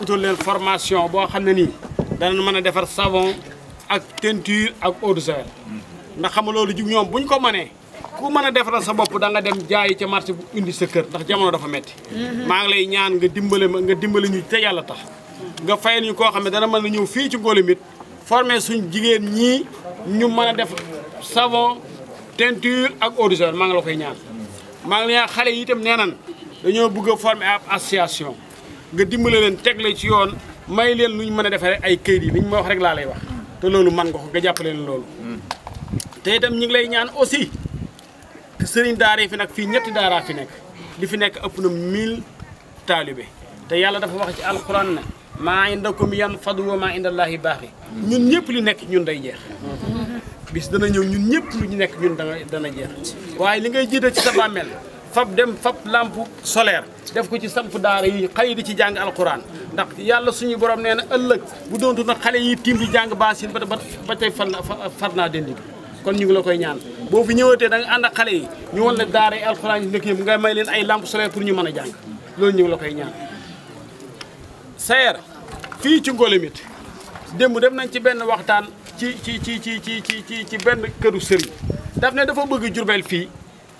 utal leen formation boo xam ne nii danañ mën a defar savon ak teinture ak eau de ndax xam nga loolu jug ñoom buñ ko mënee ku mën a defaral sa bopp da nga dem jaayi ca marché bu indi sa kër ndax jamono dafa metti mhm. maa ngi lay ñaan nga dimbale ma nga dimbale ñu te yàlla tax nga fayal ñu koo xam ne dana mën a ñëw fii ci Ngolomit formé suñ jigéen ñii ñu mën a def savon teinture ak eau de maa ngi la koy ñaan maa ngi lay ñaan xale yi itam nee dañoo bëgg a formé ab association nga dimbale leen tegle ci yoon may leen lu ñu mën a defaree ay këyit yi li ñu ma wax rek laa lay wax te loolu man nga ko nga jàppale leen loolu hmm. te itam ñu ngi lay ñaan aussi sëriñ daara yi fi nag fii ñetti daaraa fi nekk li fi nekk ëpp na 1000 taalibe te yàlla dafa wax ci alquran ne maa indakum yan fadu wa maa indallaahi baaxi ñun ñëpp li nekk ñun day jeex hmm. bis dana ñëw ñun ñëpp lu ñu nekk ñun dana dana jeex waaye li ngay jiital ci sa bàmmeel fab dem fab lampe solaire def ko ci samp daara yi xëy di ci jàng alquran ndax yàlla suñu borom nee na ëllëg bu doontu na xale yi tiim di jàng baasin ba ba tey far naa far naa dendi kon ñu ngi la koy ñaan boo fi ñëwatee da ànd ak xale yi ñu wan daara yi alquran yi nekk yëpp nga may leen ay lampe solaire pour ñu mën a jàng loolu ñu ngi la koy ñaan sayer fii ci Ngolemit démb def nañ ci benn waxtaan ci ci ci ci ci ci ci benn këru sëriñ daf na dafa bëgg Jurbel fii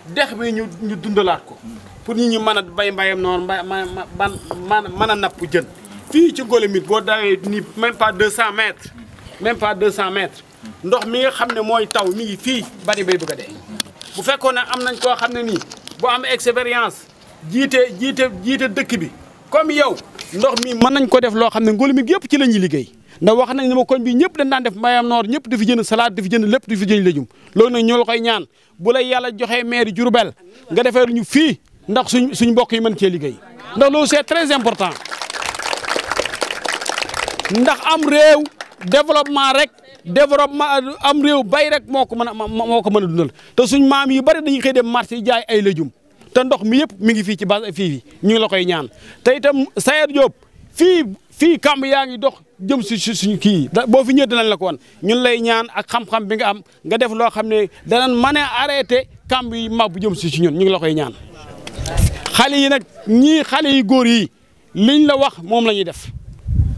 dex bi ñu ñu dundalaat ko pour ñu ñu mën a bay mbayam noonu mba ma man man mën a napp jën fii ci Ngolemit boo dawee ni même pas 200 mètres même pas 200 mètres ndox mi nga xam ne mooy taw mi ngi fii bari bay bëgg a dee bu fekkoon ne am nañ koo xam ne nii bu am expérience jiite jiite jiite dëkk bi comme yow ndox mii mën nañ ko def loo xam ne Ngolemit yëpp ci la ñuy liggéey ndax wax nañ ne ma ñëpp dañ daan def mbayam noor ñëpp dafi jënd salade dafi jënd lépp dafi koy ñaan bu la yàlla joxee maire Diourbel nga defee lu ñu fii ndax suñ suñ mbokk yi mën cee liggéey ndax loolu c'est très important ndax am réew développement rek développement am réew bay rek moo ko mën a moo ko mën a dundal te suñ maam yi bari dañuy xëy dem marché yi jaay ay lëjum te ndox mi yëpp mi ngi fii ci base fii ñu la koy ñaan te itam Sayer Diop fii fii kamb yaa ngi dox jëm si si suñ kii boo fi ñëwee dinañ la ko wan ñun lay ñaan ak xam-xam bi nga am nga def loo xam ne danañ mën a arrêté kamb yi mab bu jëm si si ñun ñu ngi la koy ñaan. xale yi nag ñii xale yi góor yi liñ la wax moom la ñuy def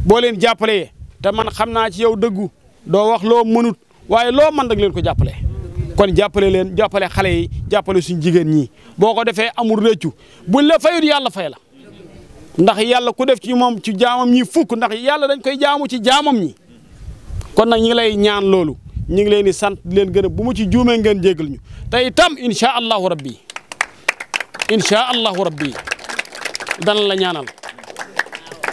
boo leen jàppalee te man xam naa ci yow dëggu doo wax loo mënut waaye loo mën dag leen ko jàppale. kon jàppale leen jàppale xale yi jàppale suñ jigéen ñi boo ko defee amul rëccu buñ la fayut yàlla fay la. ndax yàlla ku def ci moom ci jaamam ñi fukk ndax yàlla dañ koy jaamu ci jaamam ñi kon nag ñi lay ñaan loolu ñi ngi leen di sant di leen gën a bu mu ci juumee ngeen jégal ñu te itam incha allahu rabbi incha allahu rabbi dana la ñaanal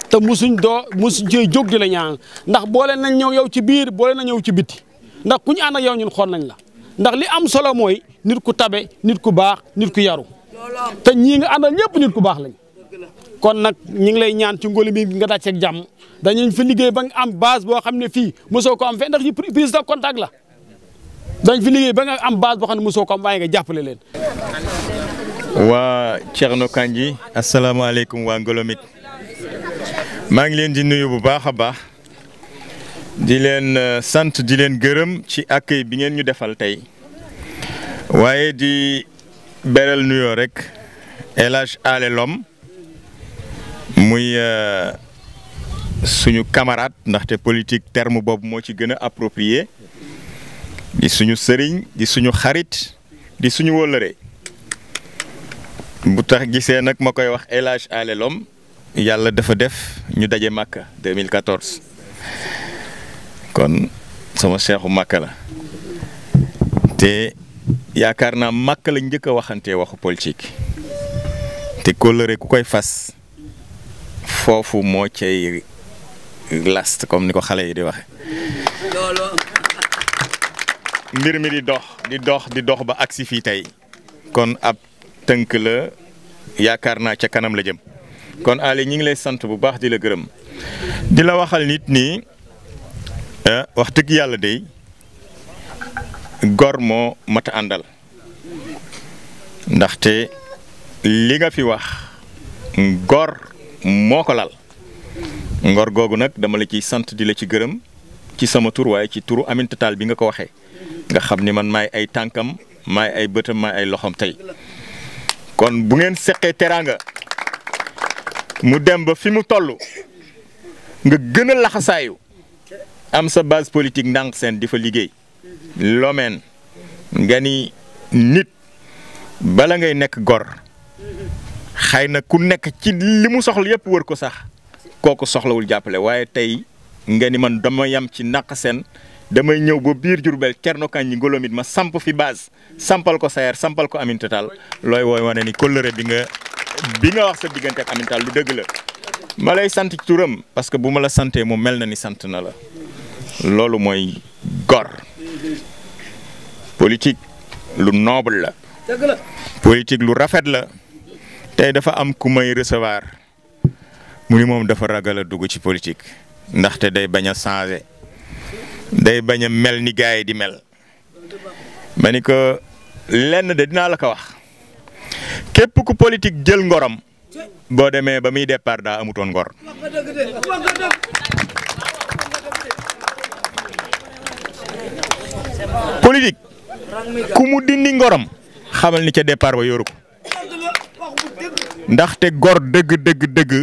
te musuñ doo musuñ cee jóg di la ñaanal ndax boole nañ ñëw yow ci biir boole na ñëw ci biti ndax ku ñu ànd yow ñun xool nañ la ndax li am solo mooy nit ku tabe nit ku baax nit ku yaru te ñii nga àndal ñëpp nit ku baax lañ. kon nag ñu ngi lay ñaan ci ngóli mi nga daj ak jàmm dañuñ fi liggéey ba nga am base boo xam ne fii mosoo ko am fe ndax ñu prise de contact la dañ fi liggéey ba nga am base boo xam ne mosoo ko am waaye nga jàppale leen waa Thierno Kandji asalaamaaleykum waa Ngolomit maa ngi leen di nuyu bu baax a baax di leen euh, sant di leen gërëm ci accueil bi ngeen ñu defal tey waaye di beral nuyoo rek El Hadj Ale Lom muy euh, suñu camarade ndaxte politique terme boobu moo ci gën a approprié di suñu sëriñ di suñu xarit di suñu wóllëre bu tax gisee nag ma koy wax El Hadj yàlla dafa def ñu daje Makka 2014 kon sama seexu Makka la te yaakaar naa Makka la njëkk a waxante waxu politique te kóllëre ku koy fas. foofu moo cay last comme ni ko xale yi di wax mbir mi di dox di dox di dox ba agsi fii tey kon ab tënk la yaakaar naa ca kanam la jëm kon Ali ñi ngi lay sant bu baax di la gërëm di la waxal nit nii eh, wax dëgg yàlla dey gor moo mat àndal ndaxte li nga fi wax gor moo ko lal ngor googu nag dama la ciy sant di la ci gërëm ci sama tur waaye ci turu Aminata Tall bi nga ko waxee nga xam ni man maay ay tànkam maay ay bëtam maay ay loxoom tey kon bu ngeen seqee teraanga mu dem ba fi mu toll nga gën a laxasaayu am sa base politique ndànk seen di fa liggéey lomeen nga ni nit bala ngay nekk gor xëy na ku nekk ci li mu soxla yëpp wër ko sax kooku soxlawul jàppale waaye tey nga ni man dama yam ci naq seen damay ñëw ba biir Diourbel Thierno Kandji Ngolomit ma samp fi base sampal ko sayer sampal ko Aminata Tall looy wooy wane ni kóllëre bi nga bi nga wax sa diggante ak Aminata Tall lu dëgg la ma lay sant turam parce que bu ma la santee mu mel na ni sant na la loolu mooy gor politique lu noble la politique lu rafet la tey dafa am ku may recevoir mu ni moom dafa ragal a dugg ci politique ndaxte day bañ a changer day bañ a mel ni gars yi di mel ma ni ko lenn de dinaa la ko wax képp ku politique jël ngorom boo demee ba muy départ daa amutoon ngor politique ku mu dindi ngorom xamal ni ca départ ba yoru ndaxte gor dëgg dëgg dëgg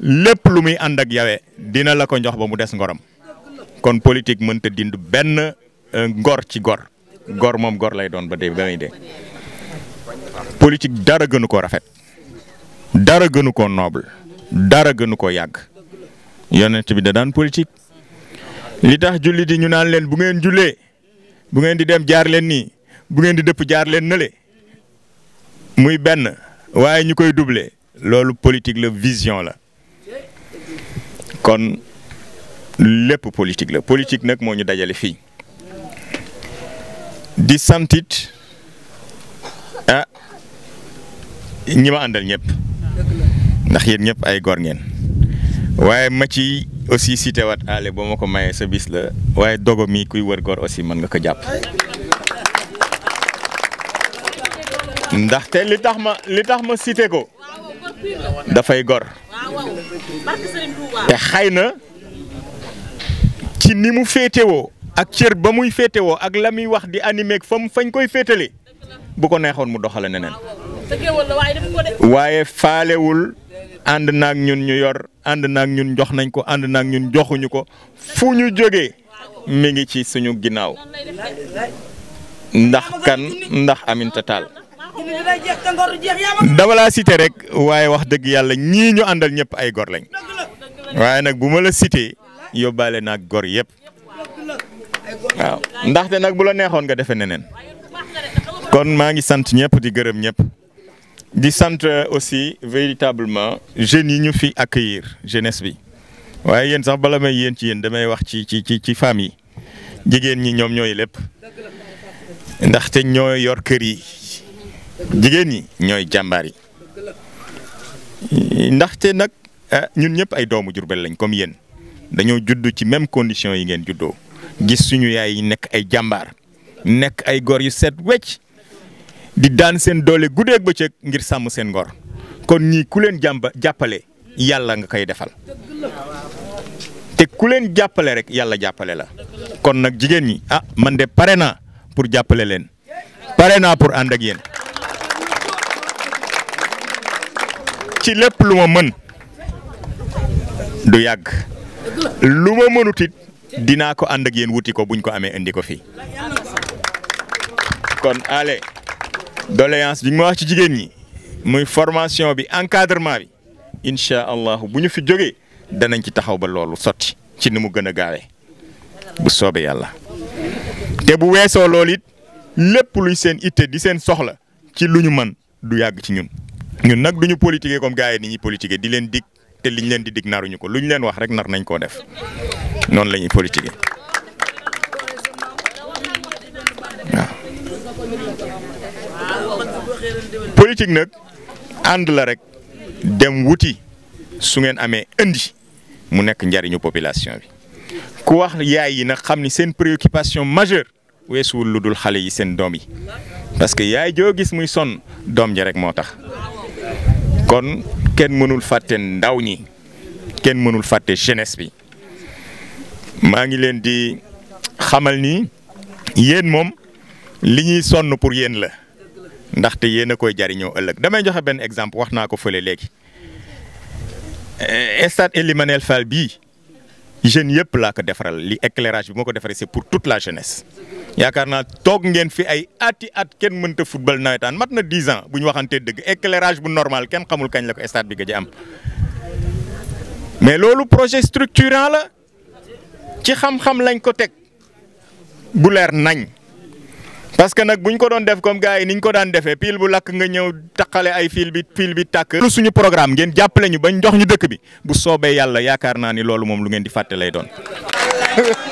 lépp lu muy ànd ak yawe dina la ko jox ba mu des ngoram kon politique mënta dind benn euh, ngor ci gor gor moom gor lay doon ba dee ba may dee politique dara gënu ko rafet dara gënu ko noble dara gënu ko yàgg yonent bi da daan politique li tax julli di ñu naan leen bu ngeen jullee bu ngeen di dem jaar leen nii bu ngeen di dëpp jaar leen nële muy benn waaye ñu koy doublé loolu politique la vision la kon lépp politique la politique nag moo ñu dajale fii di santit ah ñi ma àndal ñëpp ndax yéen ñëpp ay gor ngeen waaye ma ci aussi cité waat ale ba ma ko mayee sa bis la waaye dogo mi kuy wër góor aussi mën nga ko jàpp ndax li tax ma li tax ma cité ko dafay gor te xay na ci ni mu féetewoo ak cër ba muy féetewoo ak la muy wax di animé ak fam fañ koy féetale bu ko neexoon mu doxale neneen waaye faalewul ànd naag ñun ñu yor ànd naag ñun jox nañ ko ànd naag ñun joxuñu ko fu ñu jóge mi ngi ci suñu ginnaaw ndax kan ndax Aminta Tall dama laa cité rek waaye wax dëgg yàlla ñii ñu àndal ñëpp ay gor lañ waaye nag bu ma la cité yóbbaale naa gor yëpp waaw ndaxte nag bu la neexoon nga defee neneen kon maa ngi sant ñëpp di gërëm ñëpp di sant euh, aussi véritablement jeunes yi ñu fi accueillir jeunesse bi waaye yéen sax bala may yéen ci yéen damay wax ci ci ci ci femmes yi jigéen ñi ñoom ñooy lépp ndaxte ñoo yor kër yi. jigéen ñi ñooy jàmbaar yi ndaxte nag ah, ñun ñëpp ay doomu Jurbel lañ comme yéen dañoo judd ci même condition yi ngeen juddoo gis suñu yaay yi nekk ay jàmbaar nekk ay góor yu set wecc di daan seen doole guddeeg bëccëg ngir sàmm seen ngor kon nii ku leen jàmba jàppale yàlla nga koy defal te ku leen jàppale rek yàlla jàppale la kon nag jigéen ñi ah man de pare naa pour jàppale leen pare naa pour ànd ak yéen. ci lépp lu ma mën du yàgg lu ma mënut it dinaa ko ànd ak yéen wuti ko buñ ko amee indi ko fii kon allez doléance bi ma wax ci jigéen ñi muy formation bi encadrement bi incha allahu bu ñu fi jógee danañ ci taxaw ba loolu sotti ci ni mu gën a gaawee bu soobee yàlla te bu weesoo loolu it lépp luy seen itte di seen soxla ci lu ñu mën du yàgg ci ñun. ñun nag du ñu politiquer comme gars yi ni ñuy politiquer di leen dig te liñ leen di dig naruñu ko lu ñu leen wax rek nar nañ koo def noonu la ñuy politiquer waaw. nag ànd la rek dem wuti su ngeen amee indi mu nekk njariñu population bi ku wax yaay yi nag xam ni seen préoccupation majeure weesuwul lu dul xale yi seen doom yi parce que yaay joo gis muy sonn doom ji rek moo tax. kon kenn mënul fàtte ndaw ñi kenn mënul fàtte jeunesse bi maa ngi leen di xamal ni yéen moom li ñuy sonn pour yéen la ndaxte yéen a koy jariñoo ëllëg damay joxe benn exemple wax naa ko fële léegi eh, stade Ely Manel Fall bii jeunes yëpp laa ko defaral li éclairage bi moo ko defaree c'est pour toute la jeunesse yaakaar naa toog ngeen fi ay ati at kenn mënta football nawetaan mat na 10 ans bu ñu waxantee dëgg éclairage bu normal kenn xamul kañ la ko stade bi gëj a am mais loolu projet structurant la ci xam-xam lañ ko teg bu leer nañ. parce que nag bu ñu ko doon def comme gars yi ni ñu ko daan defee pile bu lakk nga ñëw taqale ay fil bi fil bi tàkk. loolu suñu programme ngeen jàppale ñu bañ jox ñu dëkk bi bu soobee yàlla yaakaar naa ni loolu moom lu ngeen di fàtte lay doon.